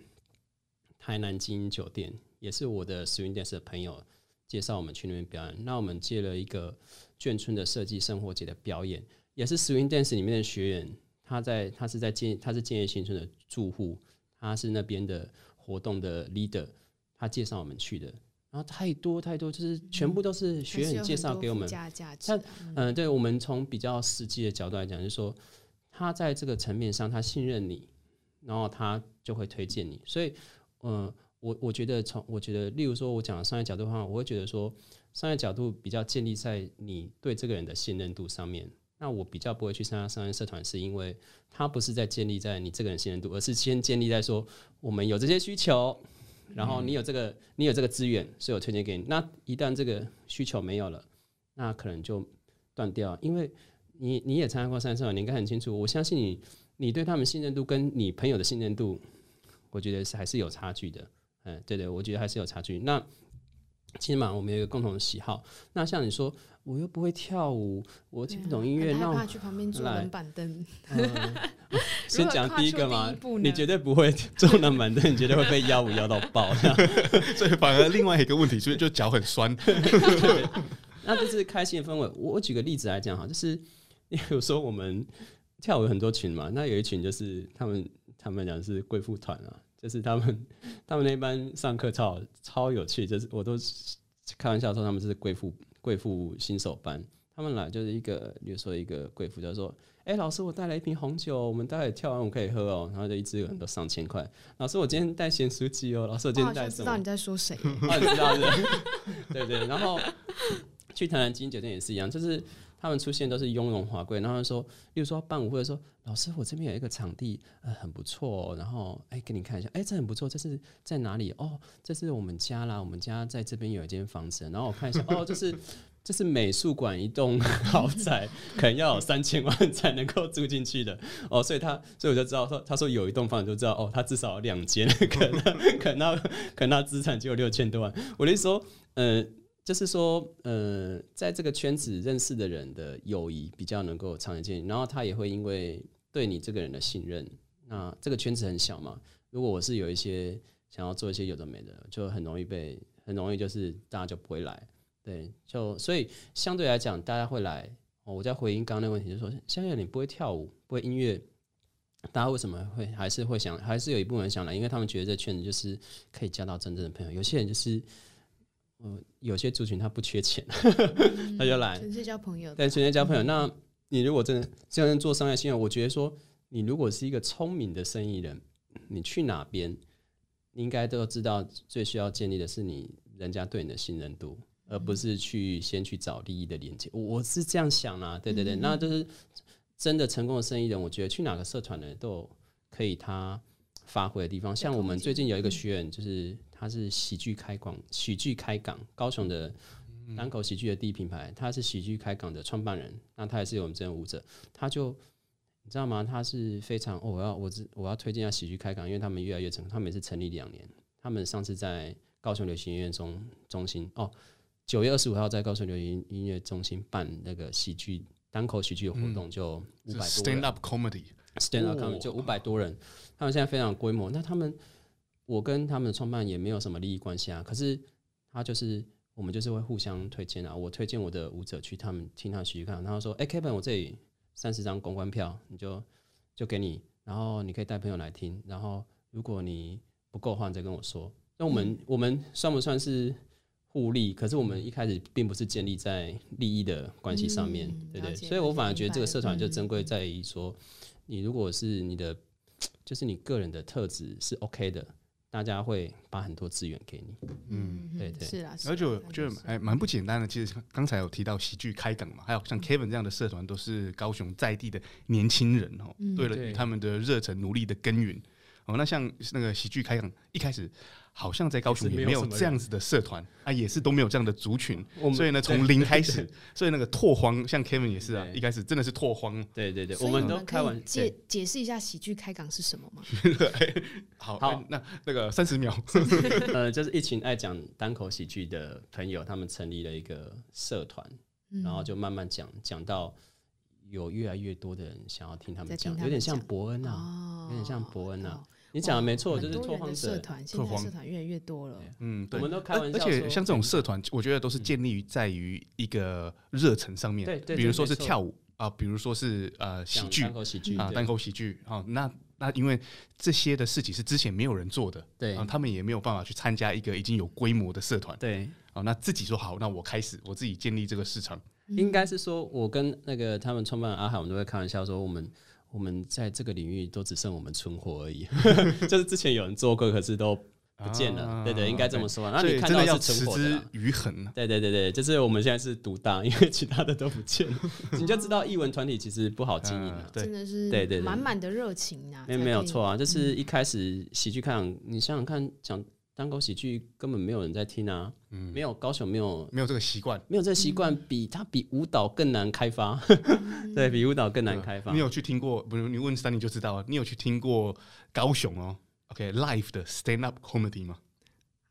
台南精英酒店，也是我的 a 雲電視的朋友。介紹我們去那邊表演，那我們借了一個眷村的設計生活節的表演，也是 swing dance 裡面的學員，他在他是在建他是建業新村的住戶，他是那邊的活動的 leader，他介紹我們去的，然後太多太多，就是全部都是學員介紹給我們，像嗯，嗯呃、對我們從比較實際的角度來講就是，就說他在這個層面上他信任你，然後他就會推薦你，所以嗯。呃我我覺得從我覺得，例如說，我講的商業角度的話，我會覺得說，商業角度比較建立在你對這個人的信任度上面。那我比較不會去參加商業社團，是因為他不是在建立在你這個人信任度，而是先建立在說我們有這些需求，然後你有這個、嗯、你有這個資源，所以我推薦給你。那一旦這個需求沒有了，那可能就斷掉，因為你你也參加過商業社團，你應該很清楚。我相信你，你對他們信任度跟你朋友的信任度，我覺得是還是有差距的。對對，我覺得還是有差距。那起碼我們有一個共同的喜好。那像你說，我又不會跳舞，我聽不懂音樂，那我、嗯、去旁邊坐冷板凳。來嗯、 先講第一個嘛，你絕對不會坐冷板凳， 你絕對會被邀舞邀到爆。 所以反而另外一個問題就是，所以就腳很酸。 那這是開心的氛圍。我舉個例子來講哈，就是有時候我們跳舞有很多群嘛，那有一群就是他們，他們講是貴婦團啊。就是他們，他們那班上課超超有趣，就是我都開玩笑說他們是貴婦貴婦新手班。他們來就是一個，比如說一個貴婦就說：“哎、欸，老師，我帶了一瓶紅酒，我們待會跳完舞可以喝哦、喔。”然後就一直有很多上千塊。老師，我今天帶鹹酥雞哦。老師，我今天帶什麼？我知道你在說誰。啊你知道是不是？ 對，對對。然後去台南金鷹酒店也是一樣，就是。他們出現都是雍容華貴，然後說，例如說伴舞或者說老師，我這邊有一個場地，呃、嗯、很不錯、喔，然後誒、欸，給你看一下，誒、欸，這很不錯，這是在哪裡？哦，這是我們家啦，我們家在這邊有一間房子，然後我看一下， 哦這是這是美術館一棟豪宅，可能要有三千萬才能夠住進去的，哦，所以他所以我就知道說，他說有一棟房子就知道，哦他至少有兩間，可能可能可能他資產就有六千多萬，我的意思說，呃。就是說，呃，在這個圈子認識的人的友誼比較能夠長久建立，然後他也會因為對你這個人的信任，那這個圈子很小嘛。如果我是有一些想要做一些有的沒的，就很容易被，很容易就是大家就不會來。對，就所以相對來講，大家會來。我在回應剛剛那個問題，就是說，相信你不會跳舞，不會音樂，大家為什麼會還是會想，還是有一部分想來，因為他們覺得這圈子就是可以交到真正的朋友。有些人就是。呃、有些族群他不缺錢，嗯、 他就來。純粹交，交朋友，純粹交朋友。那你如果真的這樣做商業信用，我覺得說，你如果是一個聰明的生意人，你去哪邊，你應該都知道最需要建立的是你人家對你的信任度，嗯、而不是去先去找利益的連接。我是這樣想啊，對對對，嗯、那就是真的成功的生意人，我覺得去哪個社團呢，都可以，他。發揮的地方，像我們最近有一個學員，就是他是喜劇開廣喜劇開港高雄的單口喜劇的第一品牌，他是喜劇開港的創辦人，那他也是我們這樣舞者，他就你知道嗎？他是非常，哦、我要我我我要推薦一下喜劇開港，因為他們越來越成功，他們也是成立兩年，他們上次在高雄流行音樂中中心，哦，九月二十五號在高雄流行音樂中心辦那個喜劇單口喜劇的活動就、嗯，就五百多。Stand Up Comedy 就五百多人，哦、他們現在非常規模。那他們，我跟他們的創辦也沒有什麼利益關係啊。可是他就是，我們就是會互相推薦啊。我推薦我的舞者去他們聽他去看，他說：“哎、欸、Kevin，我這裡三十張公關票，你就就給你，然後你可以帶朋友來聽。然後如果你不夠的話，你再跟我說。”那我們、嗯、我們算不算是互利？可是我們一開始並不是建立在利益的關係上面，嗯、對不對，對？嗯、所以我反而覺得這個社團就珍貴在於說。嗯嗯你如果是你的，就是你個人的特質是 OK 的，大家會把很多資源給你。嗯，對對對，是啊，是啊，而且我覺得還蠻不簡單的。其實剛才有提到喜劇開港嘛，還有像 Kevin 這樣的社團，都是高雄在地的年輕人哦。嗯、對了，他們的熱忱、努力的根源，對。哦。那像那個喜劇開港一開始。好像在高雄也，沒有這樣子的社團啊，也是都沒有這樣的族群，所以呢，從零開始，所以那個拓荒，像 Kevin 也是啊，一開始真的是拓荒。對對對，我們都開玩笑解解釋一下喜劇開港是什麼嗎？好，好，那那個三十秒，呃，就是一群愛講單口喜劇的朋友，他們成立了一個社團，然後就慢慢講，講到有越來越多的人想要聽他們講，有點像博恩吶，有點像博恩吶。你講的沒錯，就是拓荒社團，拓荒社團越來越多了。嗯，對我們都開玩，而且像這種社團，我覺得都是建立於在於一個熱忱上面。對對對。比如說是跳舞、嗯、啊，比如說是呃喜劇，單口喜劇、嗯、啊，單口喜劇、嗯啊啊。那那因為這些的事情是之前沒有人做的，對啊，他們也沒有辦法去參加一個已經有規模的社團，對、啊。那自己說好，那我開始我自己建立這個市場。嗯、應該是說，我跟那個他們創辦的阿海，我們都會開玩笑說我們。我們在這個領域都只剩我們存活而已， 就是之前有人做過，可是都不見了、啊。對，對對，應該這麼說、啊。那、啊、你看到是存活的餘痕對對對對，就是我們現在是獨大，因為其他的都不見了， 你就知道藝文團體其實不好經營了、啊。啊、真的是滿滿的、啊，對，對對，滿滿的熱情啊，沒有沒有錯啊，就是一開始喜劇看，你想想看想單口喜劇根本沒有人在聽啊，嗯，沒有高雄，沒有、嗯、沒有這個習慣，沒有這習慣，比它比舞蹈更難開發，嗯、 對，比舞蹈更難開發。嗯、你有去聽過？不是你問三你就知道了，你有去聽過高雄哦，OK，Live 的 stand up comedy 嗎？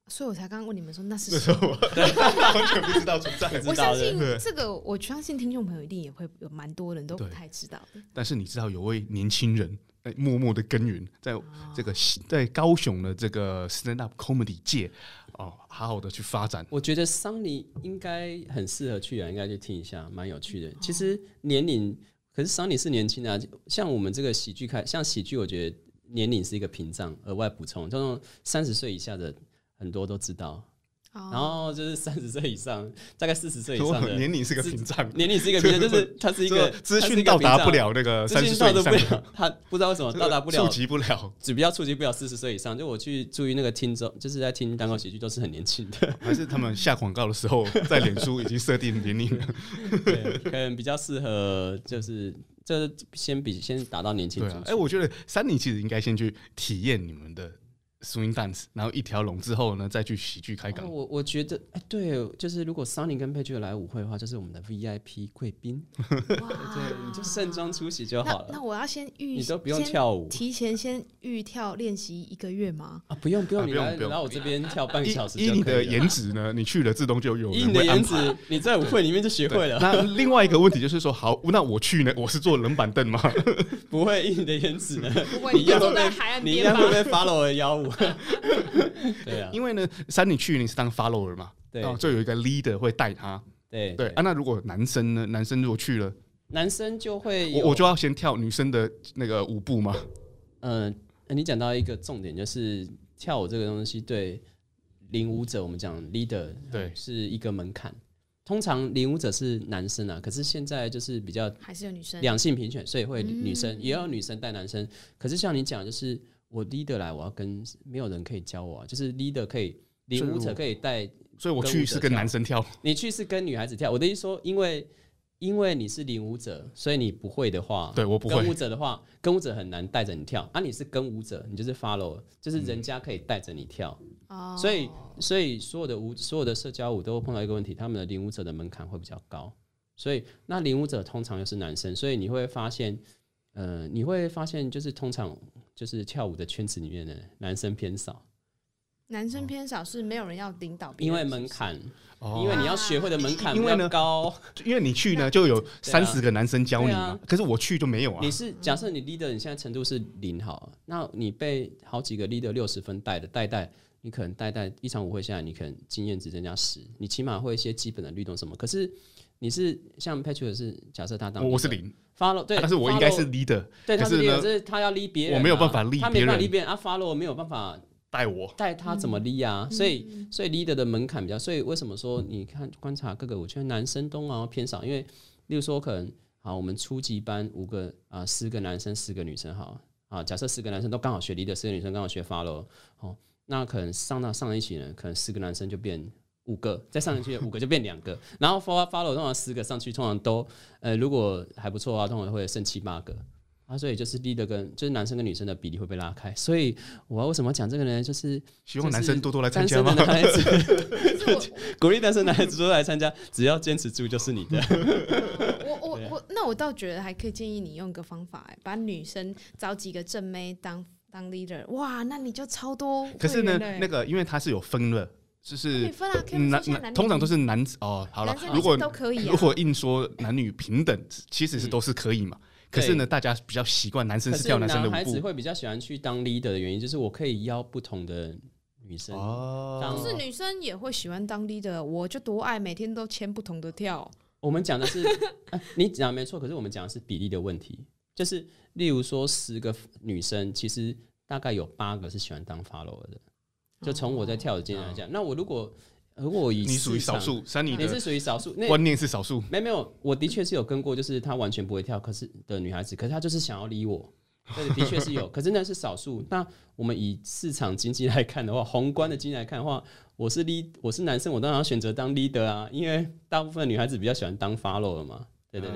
所以我才剛剛問你們說那是什麼？以對 完全不知道存在。 我相信這個我相信聽眾朋友一定也會有蠻多人都不太知道，太知道，但是你知道有位年輕人。默默的耕耘，在這個在高雄的這個 stand up comedy 界，哦，好好的去發展。我覺得 Sunny 應該很適合去啊，應該去聽一下，蠻有趣的。其實年齡，可是 Sunny 是年輕的啊，像我們這個喜劇看，像喜劇，我覺得年齡是一個屏障。額外補充，這種三十歲以下的很多都知道。Oh. 然後就是三十歲以上，大概四十歲以上年齡是個屏障，年齡是一個屏障，就是它是一個資訊到達不了那個三十歲上，它不，不知道為什麼到達不了，觸及不了，只比較觸及不了四十歲以上。就我去注意那個聽眾，就是在聽單口喜劇都是很年輕的，還是他們下廣告的時候在臉書已經設定年齡了， 對，可能比較適合，就是就是先比先達到年輕。對，哎、欸，我覺得三零其實應該先去體驗你們的。Swing dance，然後一條龍之後呢，再去喜劇開港。我我覺得，哎，對，就是如果 Sonny 跟配劇來舞會的話，就是我們的 VIP 貴賓。哇，對，你就盛裝出席就好了。那我要先預，你都不用跳舞，提前先預跳練習一個月嗎？啊，不用不用，你來，那我這邊跳半個小時。以你的顏值呢，你去了自動就有。以你的顏值，你在舞會裡面就學會了。那另外一個問題就是說，好，那我去呢，我是坐冷板凳嗎？不會，以你的顏值，不會。你一樣會被你一樣會被 follow 的幺五。 對啊，因為呢，三你去你是當 follower 嘛，對啊、哦，就有一個 leader 會帶他，對對，對啊。那如果男生呢，男生如果去了，男生就會，我我就要先跳女生的那個舞步嗎？嗯、呃，你講到一個重點，就是跳舞這個東西，對領舞者，我們講 leader 對、呃、是一個門檻。通常領舞者是男生啊，可是現在就是比較還是有女生，兩性平權，所以會女生、嗯、也要有女生帶男生。可是像你講就是。我 leader 來，我要跟沒有人可以教我，啊。就是 leader 可以領舞者可以帶，所以，所以我去是跟男生跳，你去是跟女孩子跳。我的意思說，因為因為你是領舞者，所以你不會的話，對，我不會。跟舞者的話，跟舞者很難帶着你跳，啊，你是跟舞者，你就是 follow，就是人家可以帶着你跳。哦、嗯，所以所以所有的舞，所有的社交舞都會碰到一個問題，他們的領舞者的門檻會比較高，所以那領舞者通常又是男生，所以你會發現，呃，你會發現就是通常。就是跳舞的圈子裡面的男生偏少，男生偏少是沒有人要領導別人，就是哦，因為門檻，哦啊，因為你要學會的門檻比較高，因為，因為你去呢就有三十個男生教你嘛，啊啊，可是我去就沒有啊。你是假設你 leader 你現在程度是零好，嗯，那你被好幾個 leader 六十分帶的帶帶，帶帶你可能帶帶一場舞會下來，你可能經驗值增加十，你起碼會一些基本的律動什麼，可是。你是像 Patrick 是假設他當我是零 follow，對但是我應該是 leader，對，follow, 可是可是，是他要 lead 別人、啊，我沒有辦法立他沒辦法 lead 別人啊，follow 沒有辦法帶我帶他怎麼 lead 啊？嗯、所以所以 leader 的門檻比較，所以為什麼說你看、嗯、觀察各個，我覺得男生都、啊、偏少，因為例如說可能啊我們初級班五個啊四、呃、個男生四個女生好，好啊假設四個男生都剛好學 leader，四個女生剛好學 follow，、哦、那可能上到上一期呢，可能四個男生就變。五個再上去的五個就變兩個，然後 follow fo follow 通常十個上去，通常都呃，如果還不錯啊，通常會剩七八個啊，所以就是 leader 跟就是男生跟女生的比例會被拉開，所以我為、啊、什麼講這個呢？就是、就是、希望男生多多來參加孩嗎？鼓勵單身男孩子多多來參加， 只要堅持住就是你的。我我、啊、我，我，那我倒覺得還可以建議你用一個方法、欸，把女生找幾個正妹當當 leader，哇，那你就超多、欸。可是呢，那個因為他是有分了。就是通常都是男子哦，好了，如果、啊、如果硬說男女平等，其實是都是可以嘛。嗯、可是呢，對大家比較習慣男生是跳男生的舞步。男孩子會比較喜歡去當 leader 的原因，就是我可以邀不同的女生。可、哦、當是女生也會喜歡當 leader，我就多愛每天都牽不同的跳。我們講的是， 啊、你講沒錯，可是我們講的是比例的問題，就是例如說十個女生，其實大概有八個是喜歡當 follower 的。就從我在跳的經驗來講，啊、那我如果如果我以你屬於少數，三你是屬於少數，那觀念是少數，沒有沒有，我的確是有跟過，就是她完全不會跳，可是的女孩子，可是她就是想要理我，對，的確是有， 可是那是少數。那我們以市場經濟來看的話，宏觀的經濟來看的話，我是 lead，我是男生，我當然要選擇當 leader 啊，因為大部分的女孩子比較喜歡當 follower 嘛。對對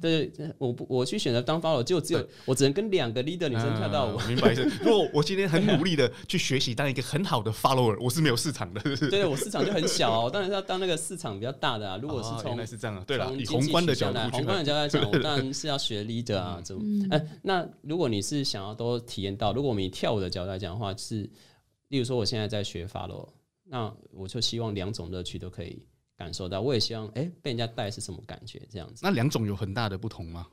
對，對我我去選擇當 follower，就只有我只能跟兩個 leader 女生跳到舞。明白意思？如果我今天很努力的去學習當一個很好的 follower，我是沒有市場的。對，我市場就很小。當然是要當那個市場比較大的。如果是從是這樣啊，對啦，從宏觀的角度，宏觀的角度講，我當然是要學 leader 啊，怎麼？那如果你是想要都體驗到，如果我們以跳舞的角度來講的話，是例如說我現在在學 follower，那我就希望兩種樂趣都可以感受到，我也希望，哎、欸，被人家帶是什麼感覺？這樣子，那兩種有很大的不同嗎？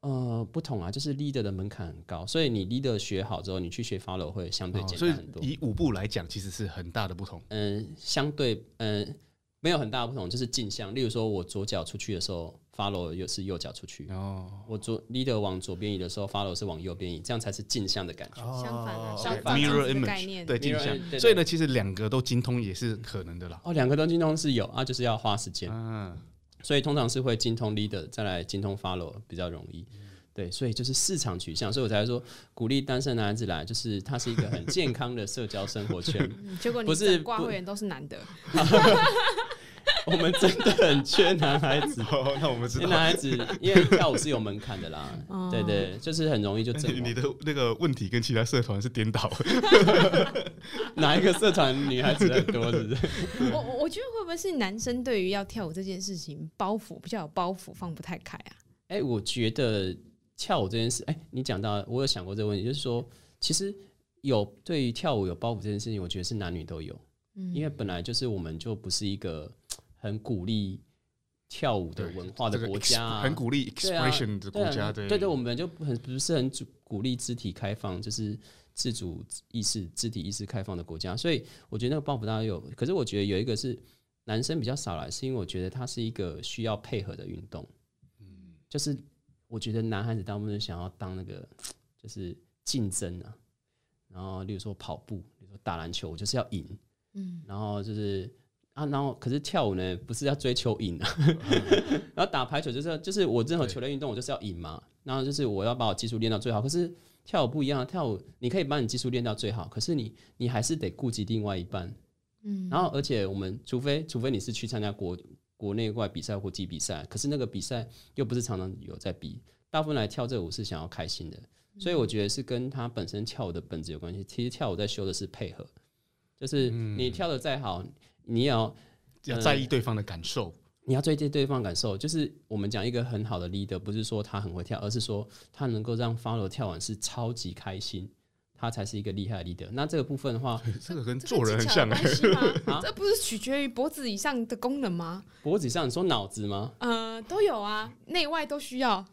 呃，不同啊，就是 leader 的門檻很高，所以你 leader 學好之後，你去學 follow 會相對簡單很多。哦、以舞步來講，其實是很大的不同。嗯，相對嗯沒有很大的不同，就是鏡像。例如說，我左腳出去的時候。Follow 又是右腳出去，oh. 我左 Leader 往左邊移的時候，Follow 是往右邊移，這樣才是鏡像的感覺。Oh, 相反的，相反的 okay. 概念，image, 對鏡像。所以呢，其實兩個都精通也是可能的啦。哦，兩個都精通是有啊，就是要花時間。嗯、啊，所以通常是會精通 Leader 再來精通 Follow 比較容易。對，所以就是市場取向，所以我才說鼓勵單身男孩子來，就是他是一個很健康的社交生活圈。 嗯、結果你不是掛會員都是男的。 我們真的很缺男孩子，那我們知道男孩子因為跳舞是有門檻的啦，對對，就是很容易就進。你的那個問題跟其他社團是顛倒，哪一個社團女孩子很多，是不是？我我覺得會不會是男生對於要跳舞這件事情包袱比較有包袱，放不太開啊？哎，我覺得跳舞這件事，哎，你講到我有想過這個問題，就是說其實有對於跳舞有包袱這件事情，我覺得是男女都有，因為本來就是我們就不是一個。很鼓勵跳舞的文化的國家，很鼓勵 expression 的國家。對對，我們就很不是很主鼓勵肢體開放，就是自主意識、肢體意識開放的國家。所以我覺得那個抱負大家有，可是我覺得有一個是男生比較少來，是因為我覺得他是一個需要配合的運動。嗯，就是我覺得男孩子大部分想要當那個就是競爭啊，然後例如說跑步，比如說打籃球，我就是要贏。嗯，然後就是。啊，然後可是跳舞呢，不是要追求贏，啊，嗯、 然後打排球就是就是我任何球類運動，我就是要贏嘛。對 然後就是我要把我技術練到最好。可是跳舞不一樣，跳舞你可以把你技術練到最好，可是你你還是得顧及另外一半。嗯，然後而且我們除非除非你是去參加國國內外比賽、國際比賽，可是那個比賽又不是常常有在比，大部分來跳這舞是想要開心的。所以我覺得是跟他本身跳舞的本質有關係。其實跳舞在修的是配合，就是你跳得再好。嗯你要、呃、要在意對方的感受，你要在意對方感受，就是我們講一個很好的 leader，不是說他很會跳，而是說他能夠讓 follow 跳完是超級開心，他才是一個厲害的 leader。那這個部分的話，這個跟做人很像、欸、關係嗎？啊，這不是取決於脖子以上的功能嗎？脖子上你說腦子嗎？嗯、呃，都有啊，內外都需要。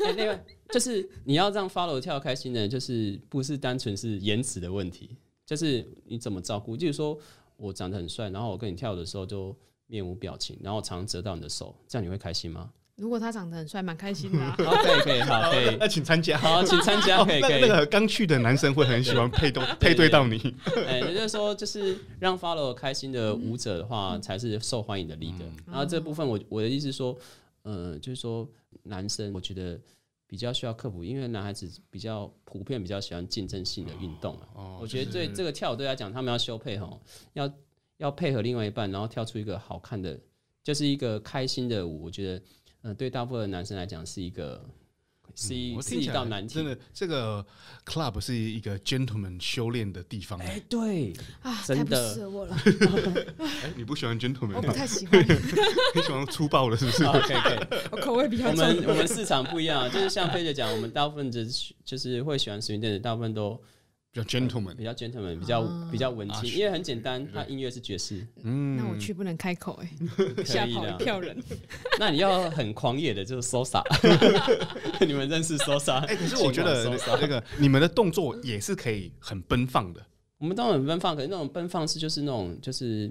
欸、內外就是你要讓 follow 跳開心的，就是不是單純是顏值的問題，就是你怎麼照顧，就是說。我長得很帥，然後我跟你跳的時候就面無表情，然後我常，常折到你的手，這樣你會開心嗎？如果他長得很帥，蠻開心的、啊。可以可以好，可以那請參加，好、oh, 請參加。可以可以，剛去的男生會很喜歡配對， 對，對，對配對到你。也 哎、就是說，就是讓 follow 開心的舞者的話，嗯、才是受歡迎的 leader。嗯、然後這部分我，我我的意思說，呃，就是說男生，我覺得。比較需要克服，因為男孩子比較普遍比較喜歡競爭性的運動、啊、oh, oh, 我覺得對這個跳舞隊來講，他們要修配好，要要配合另外一半，然後跳出一個好看的，就是一個開心的舞。我覺得，嗯、呃，對大部分的男生來講是一個。是、嗯，我聽起來真的，這個 club 是一個 gentleman 修煉的地方、欸。哎、欸，對啊，真的。太不適合我了。哎、 欸，你不喜歡 gentleman，我不太喜歡，你 喜歡粗暴的，是不是？OK，OK。我口味比較重。我們 我們市場不一樣，就是像飛姐講，我們大部分就是就是會喜歡實體店的，大部分都。比較 gentleman，、哦、比較 gentleman、比較、啊、比較文青。啊、因為很簡單，那對音樂是爵士。嗯，那我去不能開口哎、欸，嚇 跑一票人。那你要很狂野的就，就是 s o s a 你們認識 salsa 哎，可是我覺得 salsa 這個你們的動作也是可以很奔放的。我們都很奔放，可是那種奔放是就是那種就是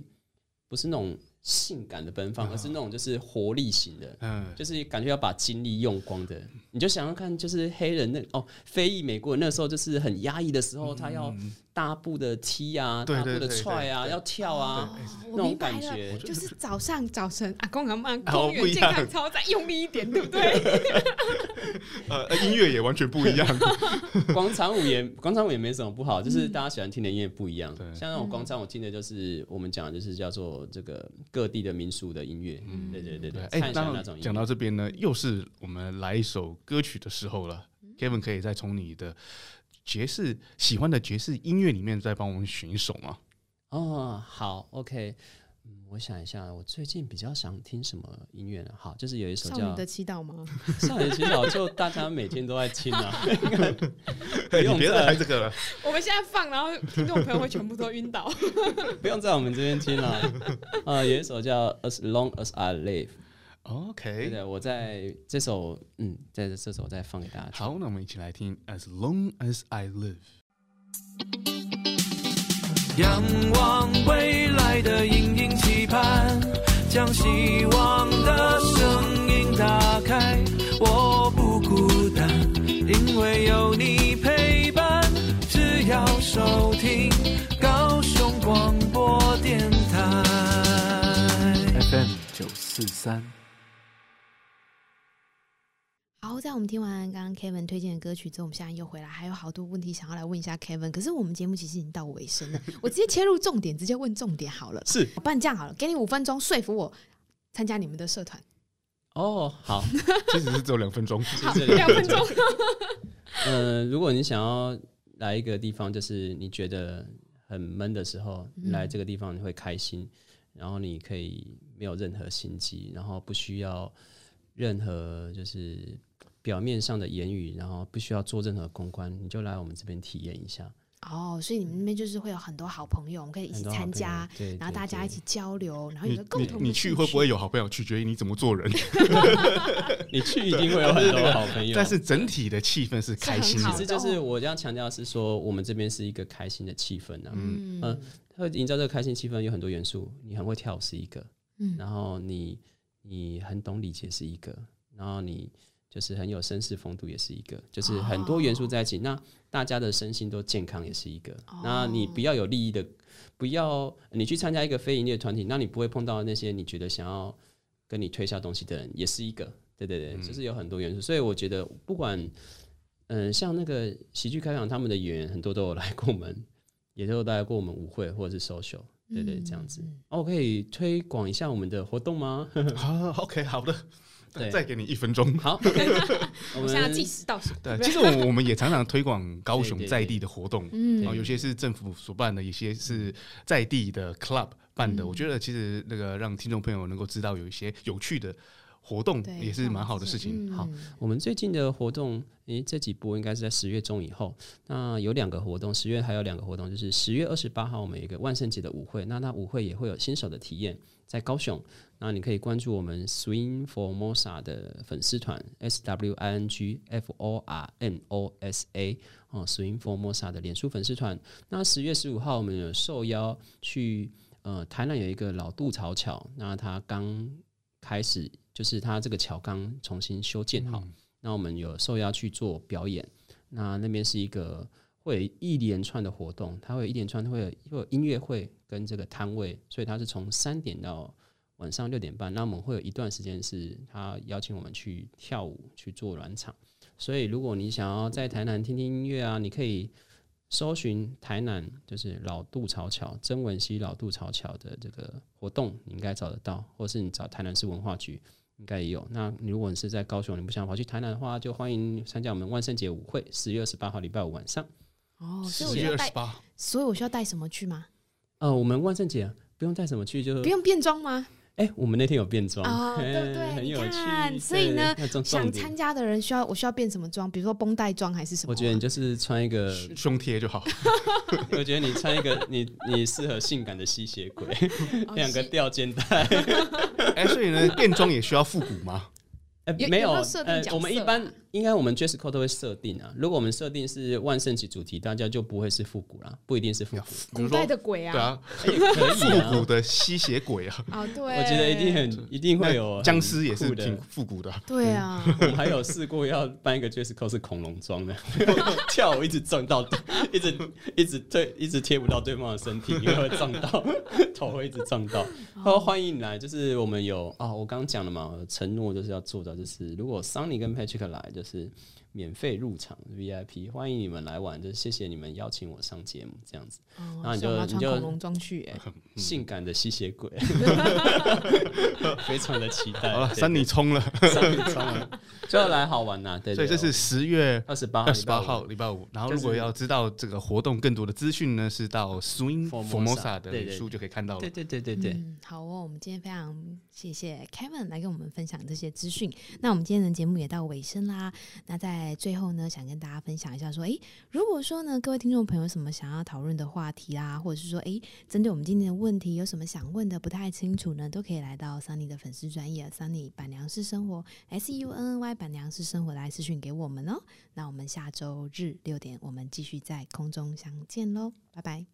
不是那種。性感的奔放，而是那種就是活力型的，oh. uh. 就是感覺要把精力用光的，你就想要看，就是黑人那哦，非裔美國人那時候就是很壓抑的時候，他要。大步的踢啊，大步的踹啊，要跳啊，那種感覺就是早上早晨啊，公園慢公園健健康操再用力一點，對不對？呃，音樂也完全不一樣。廣場舞也廣場舞也沒什麼不好，就是大家喜歡聽的音樂不一樣。像那種廣場舞聽的就是我們講的就是叫做這個各地的民俗的音樂。對對對對，下那講到這邊呢，又是我們來一首歌曲的時候了。Kevin 可以再從你的。爵士喜歡的爵士音樂裡面，再幫我們選一首嗎？哦，好，OK。我想一下，我最近比較想聽什麼音樂呢？好，就是有一首叫《少女的祈禱》嗎？ 《少女祈禱》就大家每天都在聽啊， 不用再來 這個了。 我們現在放，然後聽眾朋友會全部都暈倒。 不用在我們這邊聽了。呃、啊，有一首叫《As Long As I Live》。OK，對的，我在這首，嗯，在這首我再放給大家。好，那我們一起來聽 As Long As I Live。仰望未來的殷殷期盼，將希望的聲音打開，我不孤單，因為有你陪伴。只要收聽高雄廣播電台。FM 九四三。好、哦，在我們聽完剛剛 Kevin 推薦的歌曲之後，我們現在又回來，還有好多問題想要來問一下 Kevin。可是我們節目其實已經到尾聲了，我直接切入重點，直接問重點好了。是，我幫你這樣好了，給你五分鐘說服我參加你們的社團。哦，oh, 好， 其實是只有兩分鐘，兩好 分鐘。嗯，如果你想要來一個地方，就是你覺得很悶的時候，嗯、來這個地方你會開心，然後你可以沒有任何心機，然後不需要任何就是。表面上的言語，然後不需要做任何公關，你就來我們這邊體驗一下。哦，oh, 所以你們那邊就是會有很多好朋友，我們可以一起參加，然後大家一起交流，然後有個共同你你。你去會不會有好朋友，取決於你怎麼做人。 你去一定會有很多好朋友，是，但是整體的氣氛是開心的。其實就是我要強調是說，我們這邊是一個開心的氣氛啊。嗯嗯，會營造這個開心氣氛有很多元素。你很會跳舞是一個，嗯，然後你你很懂禮節是一個，然後你。就是很有紳士風度，也是一個；就是很多元素在一起，oh. 那大家的身心都健康，也是一個。Oh. 那你不要有利益的，不要你去參加一個非營業團體，那你不會碰到那些你覺得想要跟你推銷東西的人，也是一個。對對對，嗯、就是有很多元素，所以我覺得不管，嗯、呃，像那個喜劇開場，他們的演員很多都有來過我們，也都有來過我們舞會或者是 social、嗯。對對，對，這樣子。我、哦、可以推廣一下我們的活動嗎？啊，okay，好的。再給你一分鐘。好， 我們現在計時倒數對。 對，其實我們，我們也常常推廣高雄在地的活動，嗯，有些是政府所辦的，一些是在地的 club 辦的。對對對，我覺得其實那個讓聽眾朋友能夠知道有一些有趣的。活動也是蠻好的事情。好，我們最近的活動，誒、欸，這幾波應該是在十月中以後。那有兩個活動，十月還有兩個活動，就是十月二十八號，我們有一個萬聖節的舞會。那那舞會也會有新手的體驗，在高雄。那你可以關注我們 Swing Formosa 的粉絲團，S W I N G F O R M O S A 哦，Swing Formosa 的臉書粉絲團。那十月十五號，我們有受邀去呃台南有一個老杜草橋，那他剛開始。就是它這個橋剛重新修建好，嗯、那我們有受邀去做表演。那那邊是一個會一連串的活動，它會一連串會有會有音樂會跟這個攤位，所以它是從三點到晚上六點半。那我們會有一段時間是他邀請我們去跳舞去做暖場。所以如果你想要在台南聽聽音樂啊，你可以搜尋台南就是老渡槽橋曾文溪老渡槽橋的這個活動，你應該找得到，或是你找台南市文化局。應該也有。那如果你是在高雄，你不想跑去台南的話，就歡迎參加我們萬聖節舞會，十月二十八號禮拜五晚上。哦，所以十月二十八，所以我需要帶什麼去嗎？呃，我們萬聖節不用帶什麼去，就不用變裝嗎？哎、欸，我們那天有變裝、哦、對對、對、欸，很有趣。你看對所以呢，想參加的人需要我需要變什麼裝？比如說繃帶裝還是什麼、啊？我覺得你就是穿一個胸貼就好。 我覺得你穿一個你，你你適合性感的吸血鬼，兩 個吊肩帶。哎、哦 欸，所以呢，變裝也需要復古嗎？欸、沒有，有沒有設定角色啊？我們一般。應該我們 j e s c o 都會設定啊，如果我們設定是萬聖節主題，大家就不會是復古啦，不一定是復古。古代的鬼啊，對啊、欸，可以啊。復古的吸血鬼啊，哦，對，我覺得一定很一定會有僵屍也是挺復古的、啊。嗯、對啊，我還有試過要扮一個 j e s c o 是恐龍裝的， 跳一直撞到，一直一直對一直貼不到對方的身體，因為會撞到 頭，會一直撞到。好他說歡迎你來，就是我們有哦，我剛剛講了嘛，承諾就是要做到，就是如果 s o n n y 跟 Patrick 來的。就是。免費入場 VIP，歡迎你們來玩，就是謝謝你們邀請我上節目這樣子。那、哦、你就你就穿恐龍裝去哎、欸，嗯嗯、性感的吸血鬼， 非常的期待。三米沖了，三米沖了，最後 來好玩吶、啊，對，對，對。Okay, 所以這是十月二十八二十八號禮拜，拜五。然後如果要知道這個活動更多的資訊呢，是到 Swing Formosa 的臉書就可以看到了。對對對對對，對、嗯，好哦，我們今天非常謝謝 Kevin 來跟我們分享這些資訊。那我們今天的節目也到尾聲啦，那在。在最後呢，想跟大家分享一下，說，誒、欸，如果說呢，各位聽眾朋友什麼想要討論的話題啦、啊，或者是說，哎、欸，針對我們今天的問題，有什麼想問的不太清楚呢，都可以來到桑尼的粉絲專業桑尼板娘式生活 S U N N Y 板娘式生活來私訊給我們哦。那我們下周日六點，我們繼續在空中相見嘍，拜拜。